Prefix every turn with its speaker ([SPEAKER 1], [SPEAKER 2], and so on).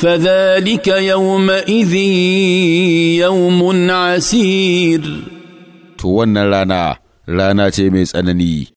[SPEAKER 1] فذلك يومئذ يوم عسير
[SPEAKER 2] تونا لنا لنا تيميز أنني